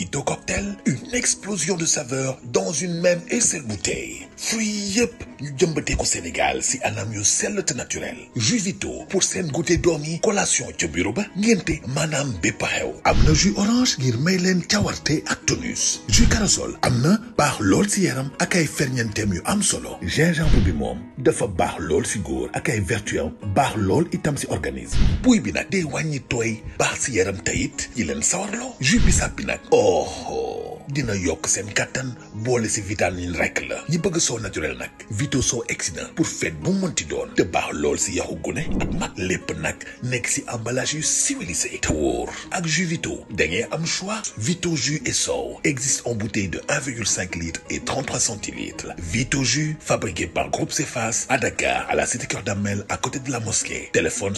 Vito Cocktail, une explosion de saveur dans une même et seule bouteille fruits yi yëpp ñu jëmbatee ko Sénégal si anam yu sell te naturel jus Vito pour seen goûter doom yi collation ca bureau ba ngénte maanaam bépp xew am na jus orange ngir may leen cawarte ak tonus jus corossol am na baax lool si yaram ak ay ferñeentem yu am solo gingembre bi moom dafa baax lool si góor ak ay vertu baax lool itam si organise buy bi nag de wàññi tooy baax si yaram tayit yi leen sawarloo jus bissap bi nag oh, oh. dina yokk seen kattan boole si vitamine rek la ñi bëgg soo naturel nag Vito soo exsident pour fête bu mënti doon te baax lool si yaxu gune ak mag lépp nag si emballage yu ak jus Vito da am choix Vito jus et sow existe en bouteille de 1,5 et centilitres Vito jus fabriqué par Groupe Cefas à à la cité Damel à côté de la mosquée téléphone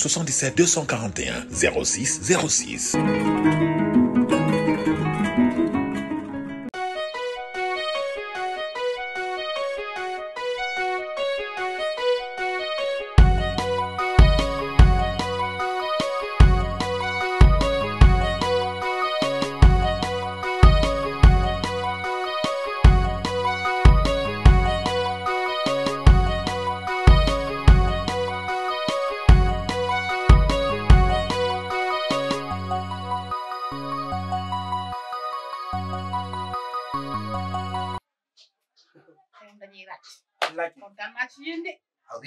Oh, wallahi kontaan naa ci yéen de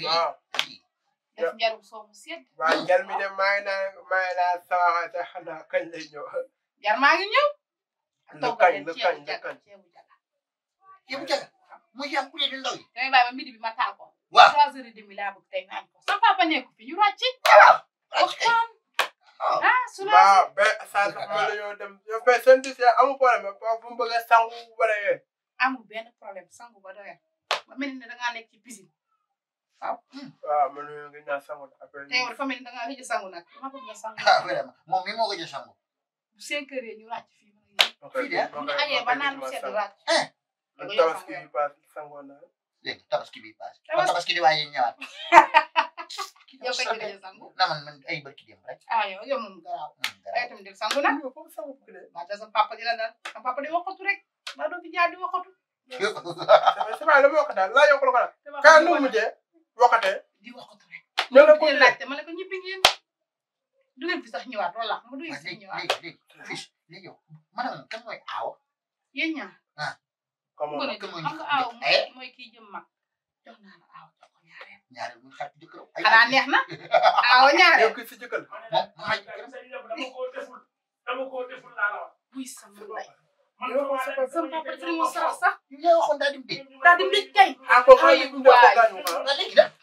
waaw def njarum soo mu sedd waaw jar mi de maa ngi naan maa ngi naan sawaxa te xanaa kañ lay ñëw jar maa ngi ñëw lu kañ lu kañ lu kañ ceebu jaga ceebu jaga muy yàqu leen di ndaw yi damay bàyyi ba midi bi ma taal ko waaw trois heures et demi laa bëgg tey naan ko sa papa nekku fi ñu ràcc waxtaan ah su la waaw ba saa sax ma la yow dem yow ba seen dis amu problème ba fu mu bëgg a sangu wala yooyu waaw. waaw man mii nga ñaan sangu après. tey dafa mel ni da ngaa a sangu nag dama bëgg hmm. nga sangu. ah vraiment moom mii moo a a sangu. bu cinq heures yi ñu ràcc fii. fii de bu ñu añee ba naan lu sedd ràcc. tabaski bi paas sangoon na. dégg di waaye ñëwaat. a na man man ay barki dem rek. ah yow yow moom garaaw. garaaw ay tamit sangu nag. waaw da sa papa di la dal sa papa di waxatu rek maa doo fi di waxatu. c'est vrai la ma wax daal laa bokkatee. di wax ko ture. ñoo ngi ko laajte ma ne ko du ngeen sax ñëwaat wala ma du ngeen fi ñëwaat. léegi léegi léegi yow maanaam kan ñaar. Ah. mooy xam nga aaw eh? mooy kii jëm mag. jox naa na aaw ñaareel. yow mooy. dama koo deful dama koo deful laa la wax. ma sarax sax. yow yaa waxoon daa dim dee. daa dim dee kay. ah kooku ay waaw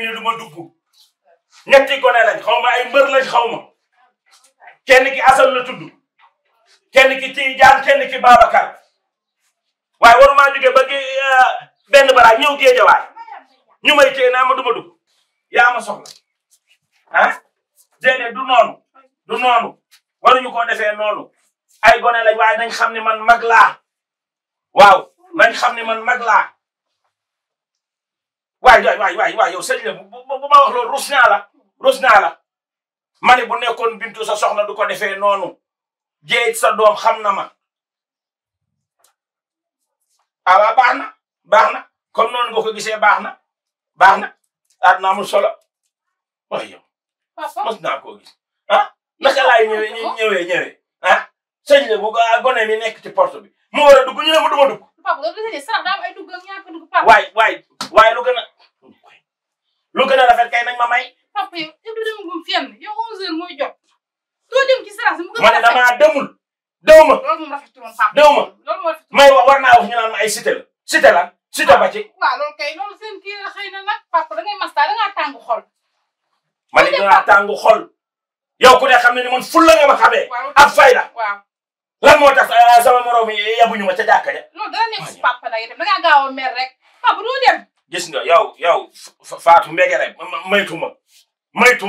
ne du ma dugg ñetti gone lañ xaw ma ay mbër lañ xaw ma kenn ki Assane la tudd kenn ki Tidiane kenn ki Babacar waaye waruma ba gi euh, benn bara ñëw géejawaay ñu may téye ma du ma dugg yaa ma soxla ah déedéet du noonu du noonu waruñu koo defee noonu ay gone lañ waaye nañ xam ne man mag laa waaw nañ xam ne man mag laa waay waay waay waay yow sëñ la bu ma wax loolu rus naa la rus naa la bu nekkoon bintu sa soxna du ko defee noonu jéeg sa doom xam na ma awaa baax na baax na comme noonu nga ko gisee baax na baax na àddina mu solo waaye yow mos naa koo gis ah naka laay ñëwee ñëwee ñëwee ah sëñ la bu gone mi nekk ci porte bi mu war a ñu ne ma du ma waay waay waaye lu gën a lu gën a ma may. papa yow yow du mooy jot. mu gën a rafet ma ne damaa demul. dew may wax war na wax ñu naan ma ay cité la cité la cité ba ci. waaw da ngay masta da ngaa tàng xol. ma ne dangaa xol. yow ku ne xam ne ni man ful la nga ma xamee. ak fayda. waaw moo tax eh, sama morom yi yabuñu ma ca jàkka ja. non dana nekk si papa nag itam da ngaa gaaw a mer rek papa doo dem. gis nga yow yow Fatou Mbegere maytu ma maytu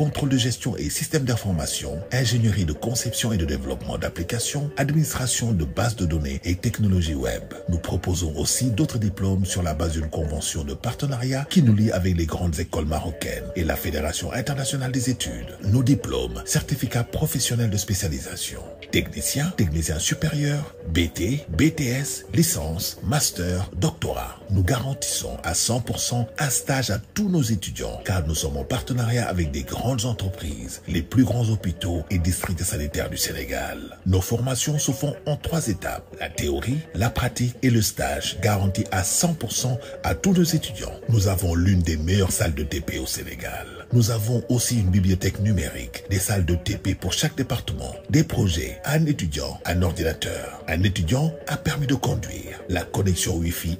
contrôle de gestion et système d'information, ingénierie de conception et de développement d'applications, administration de bases de données et technologies web. Nous proposons aussi d'autres diplômes sur la base d'une convention de partenariat qui nous lie avec les grandes écoles marocaines et la Fédération internationale des études. Nos diplômes, certificats professionnels de spécialisation, technicien, technicien BT, BTS, licence, master, doctorat. nous garantissons à 100% un stage à tous nos étudiants car nous sommes en partenariat avec des grandes entreprises, les plus grands hôpitaux et districts sanitaires du Sénégal. Nos formations se font en trois étapes, la théorie, la pratique et le stage garantis à 100% à tous nos étudiants. Nous avons l'une des meilleures salles de TP au Sénégal. Nous avons aussi une bibliothèque numérique, des salles de TP pour chaque département, des projets, un étudiant, un ordinateur, un étudiant, La connexion Wi-Fi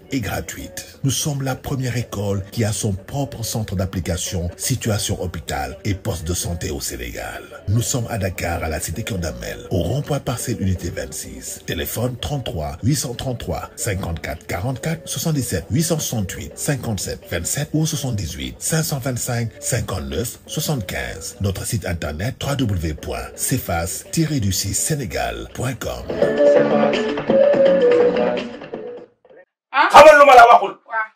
2018. Nous sommes la première école qui a son propre centre d'application, situation hôpital et poste de santé au Sénégal. Nous sommes à Dakar, à la cité Kondamel, au rond-point parcelle unité 26. Téléphone 33 833 54 44 77 868 57 27 ou 78 525 59 75. Notre site internet www.cefas-du-6sénégal.com. Ah. xamal lu ma la waxul. waa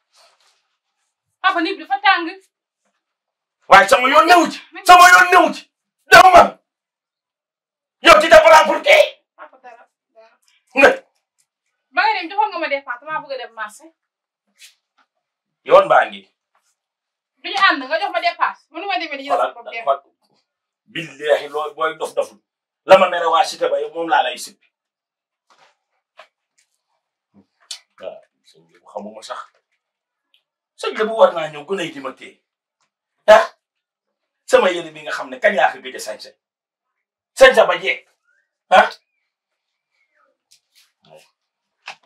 papa nit dafa tàng. waaye sama yoon yoon newu ci daw ma yow ci départ pour kii. nga. ba nga dem joxoon nga ma départ maa bëgg dem marché. yoon baa ngi. du ñu ànd nga jox ma départ mënu ma demee dañuy def bopp dee. billahi loo booy dof doful la ma mere waa Cité ba yow moom laa sëñ bi bu xamuma sax sëñ bi bu war naa ñëw gune yi di ma téye ah sama yére bi nga xam ne kañ laa ko gëj a sañse sañse ba jeeg ah.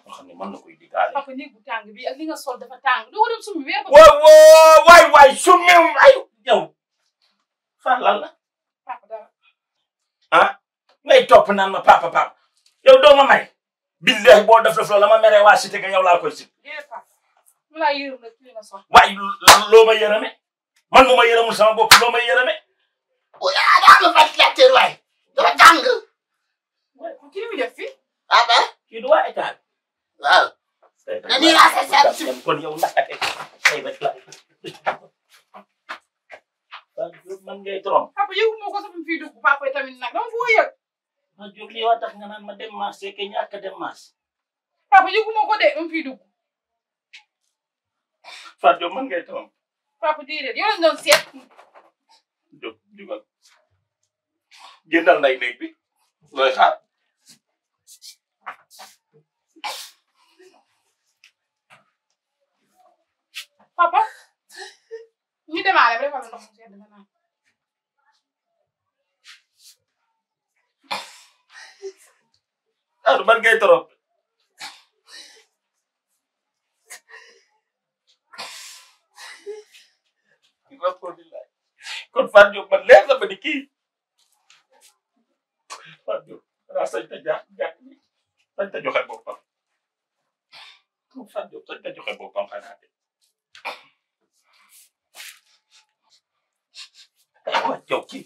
nga xam ne mën na koy diggaale. papa néeg bu tàng bi ak li nga sol dafa tàng doo ko dem summi weer ko. waaw waaw waay waay summi waay yow fan lan la. papa dara ah ngay topp naan ma papa papa yow doo ma may. billahi boo def def la ma meree waa cité ga yow laa koy si. loo ma yërëme man mu ma yërëmul sama bopp loo ma yërëme. ah daa ma ventilateur waay dafa tàng. kii mu def fii. ah ben. du waa état bi. waaw. na nii laa seet seet si. kon yow naka tey tey ba tila. man ngay trop. fi mu fiy dugg papa tamit nag dama bëgg a yëg. ma jóg li nga naan ma dem maas fekke ñàkk a dem maas. papa yëguma ko de mu fi dugg. Fatou Diop man toog. papa déedéet yow lañ doon seet. Diop jugal génnal nday néeg bi looy xaar. papa ñu demaale ba defal ndox mu sedd nga ban ngay torop kon Fatou man leer na ma ni kii Fatou Diop danaa sañ ni sañ ta joxe boppam Fatou Diop sañ ta joxe boppam xanaa de waaw yow kii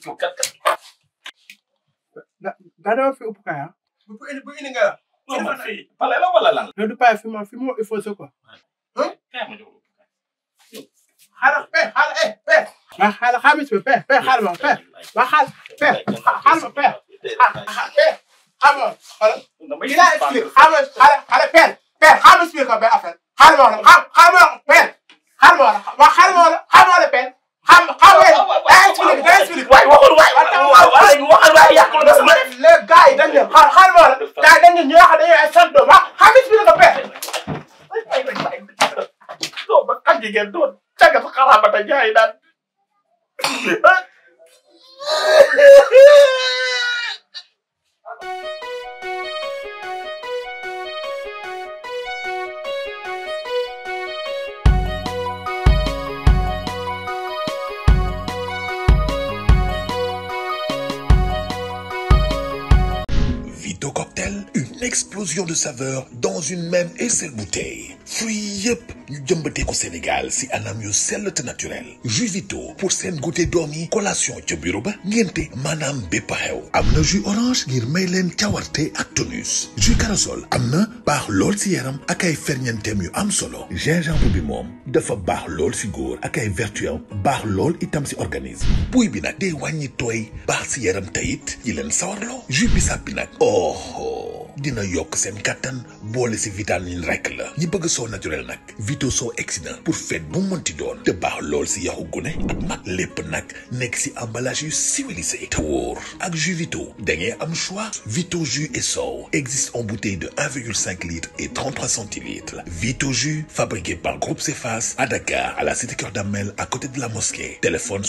bu indi bu indi nga. non pale la wala lan. mais du paa fi ma fi ma effacé quoi. xaaral pe xaaral eh pe. ma xaaral xaaral si pe pe xaaral ma pe ma xaaral pe xaaral ma pe ah pe xaaral ma xaaral. il a expliqué xaaral xaaral pe pe xaaral ma expliqué ko benn affaire xaaral ma wala xaaral ma wala pe xaaral ma wala waaw xaaral ma wala xaaral ma wala pe. xam xam ngeen. daa expliqué daa expliqué. waay waxul waay waay waxal waay yàqul na sama. les gars yi dañ ne xaar xaar ma la gars yi dañ ne ñu wax dañuy ay sant doom ah xam expliqué ko père. doo ba kan jigéen doo caga sa xalaat ba tey jaay daal. explosion de saveur dans une même et seule bouteille fruits yi yëpp ñu jëmbatee ko Sénégal si anam yu sell te naturel jus Vito pour seen goûter doom yi collation ca bureau ba ngénte maanaam bépp xew am na jus orange ngir may leen cawarte ak tonus jus corossol am na baax lool si yaram ak ay ferñeenteem yu am solo gingembre bi moom dafa baax lool si góor ak ay vertu baax lool itam si organisme buy bi nag day wàññi tooy baax si yaram tayit yi leen sawarloo jus bissap bi oh, oh. dina yokk seen kattan boole si vitamine rek la ñi bëgg soo naturel nag vito soo exsident pour fête bu mënti doon si yaxu gune ak mag lépp nag si emballage yu ak jus vito da ngay am choix vito jus et sow existe en bouteille de 1,5 litre et 33 centilitres vito jus fabriqué par Groupe Cefas à à la cité Keur à côté de la mosquée téléphone